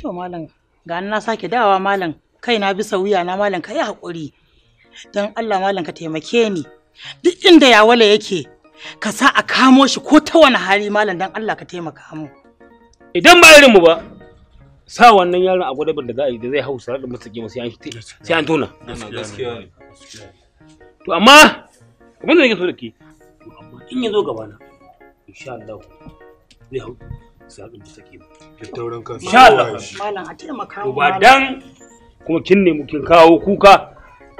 To malam ga na sake dawa malam kai na bisa wuya na malam ka yi haƙuri don Allah malam ka taimake ni duk inda wala yake ka sa a kamo shi ko ta wani hali malam don Allah ka taimaka mu. Idan ba irinmu ba sa wannan yaron a gwadabin da za a yi da zai hau sarar da masu gima sai an tona. To amma abin da nake so da ke in ya zo gabana insha Allah zai hau zaɓin mustaqim tattauran insha Allah malam a taimaka mu ba dan kuma kin nemi kin kawo kuka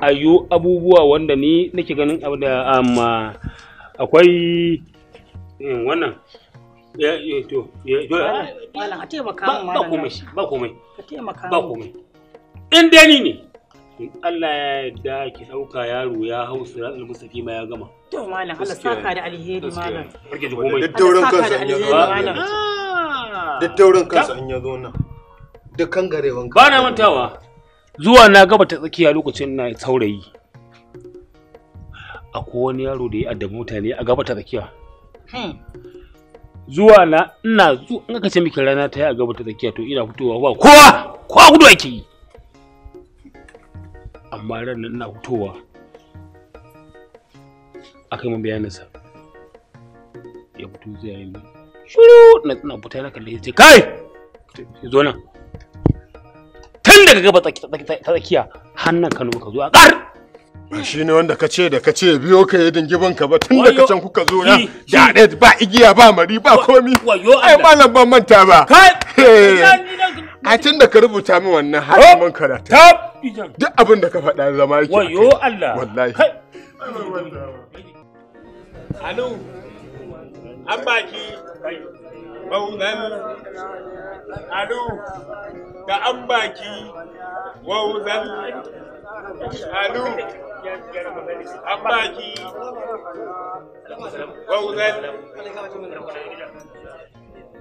ayo abubuwa wanda ni nake ganin abu da amma um, akwai eh, wannan ya ya to ya malam a taimaka mu ba komai ba komai ba komai in dai ni ne in Allah ya yarda ki ɗauka yaro ya hau siratul mustaqima ya gama to malam Allah saka da alheri malam barke da komai da tauran kansa ya malam duk taurin kansa in ya zo nan duk kangarewan ba na mantawa zuwa na gaba ta tsakiya lokacin na saurayi akwai wani yaro da ya adda mutane a gaba ta tsakiya hmm. zuwa na ina zu in aka ce miki rana ta yi a gaba ta tsakiya to ina fitowa ba kowa kowa gudu ake yi amma ran nan ina fitowa akai mun bayanin sa ya fito zai yi shiru na tsina fita na kalle ce kai zo nan tun daga gaba tsakiya hannun kanu ka zo a ƙar ba shi wanda ka ce da ka ce biyo ka yi dingiban ka ba tun daga can kuka zo na da ɗaya ba igiya ba mari ba komi ai malam ban manta ba eh. a tun da ka rubuta min wannan haramun karata duk abin da ka faɗa zama yake wayo Allah wallahi Alu an baki maunan alu da an baki wauzan alu an baki wauzan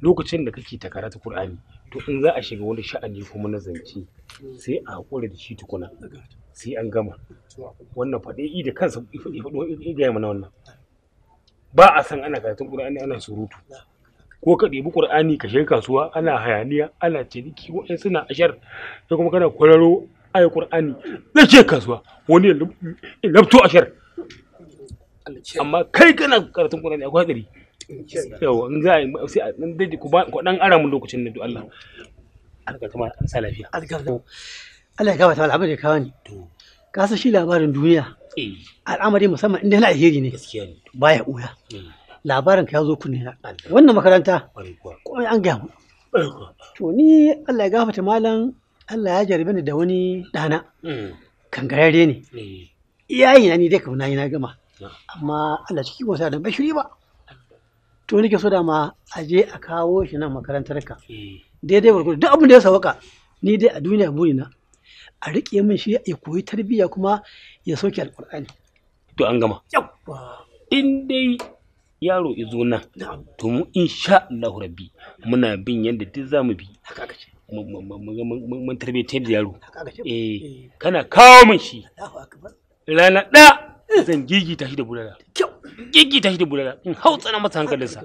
lokacin da kake ta karatu Qur'ani to in za a shiga wani sha'ani kuma na zance sai a hakura da shi tukuna sai an gama wannan faɗe yi da kansa i gaya mana wannan ba a san ana karatun Qur'ani ana surutu ko ka ɗebi Qur'ani ka shiga kasuwa ana hayaniya ana ciniki wa'in suna ashar sai kuma kana kwararo ayi Qur'ani na ce kasuwa wani ya labto ashar amma kai kana karatun Qur'ani akwai hadari yawa in za a ku dan ara mun lokacin da Allah alka kuma an sa lafiya Allah ya gabata al'amari ya kawo ni ka san shi labarin duniya eh. al'amari musamman inda na alheri ne baya uya eh. labarin ka ya zo kunne na wannan makaranta kuma an gaya mu to ni Allah ya gafata malam Allah ya jarabe ni da wani dana mm. kangararre ne eh. iyayina ni dai kamar na yi na gama amma Allah ciki wasa da bashiri ba to nake so da ma a je a kawo shi nan makarantar ka eh. daidai gurgur duk abin da ya sauka ni dai a duniya na a riƙe min shi ya koyi tarbiyya kuma ya soke alƙur'ani to an gama in dai yaro izo nan to mu insha Allah rabbi muna bin yadda duk zamu bi mun tarbiyyantar da yaro eh. eh kana kawo min shi rana ɗaya eh. zan gigita shi da bulala gigita shi da bulala in hau tsana masa hankalinsa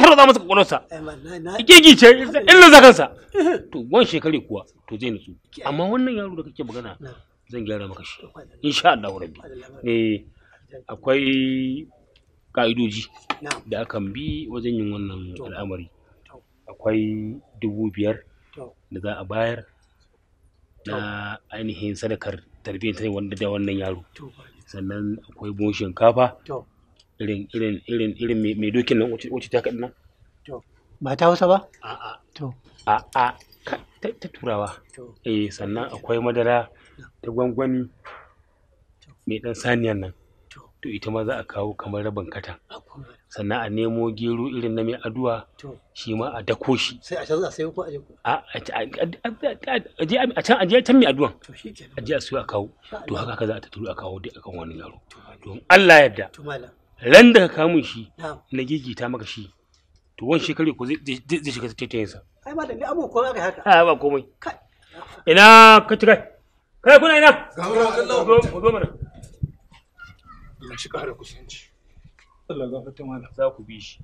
tara za masa kwakwalwarsa gigi ce lanza kansa to wan shekare kuwa to zai nutsu amma wannan yaro da kake magana zan gyara maka shi insha Allah rabbi eh akwai ka'idoji da akan bi wajen yin wannan al'amari akwai dubu biyar da za a bayar na ainihin sadakar tarbiyyar ta wanda da wannan yaro sannan akwai buhun shinkafa irin irin irin irin mai dokin nan wacce ta kaɗi nan ba ta hausa ba a'a to a'a ta turawa eh sannan akwai madara ta gwangwani mai ɗan saniyan nan to ita ma za a kawo kamar rabin katan sannan a nemo gero irin na mai aduwa shi ma a dako shi sai a can za a sayo ko a je a can a je can mai aduwan a je a sayo a kawo to haka ka za a tattaro a kawo duk akan wani yaro to Allah yadda ran da ka kamun shi na gigita maka shi to wani shekaru ko zai shiga tattayinsa ai ba da ni abu ko aka haka a ba komai ina ka kai kai kuna ina ga Allah ku zo ya shiga ƙara kusanci Allah ga fata za ku bi shi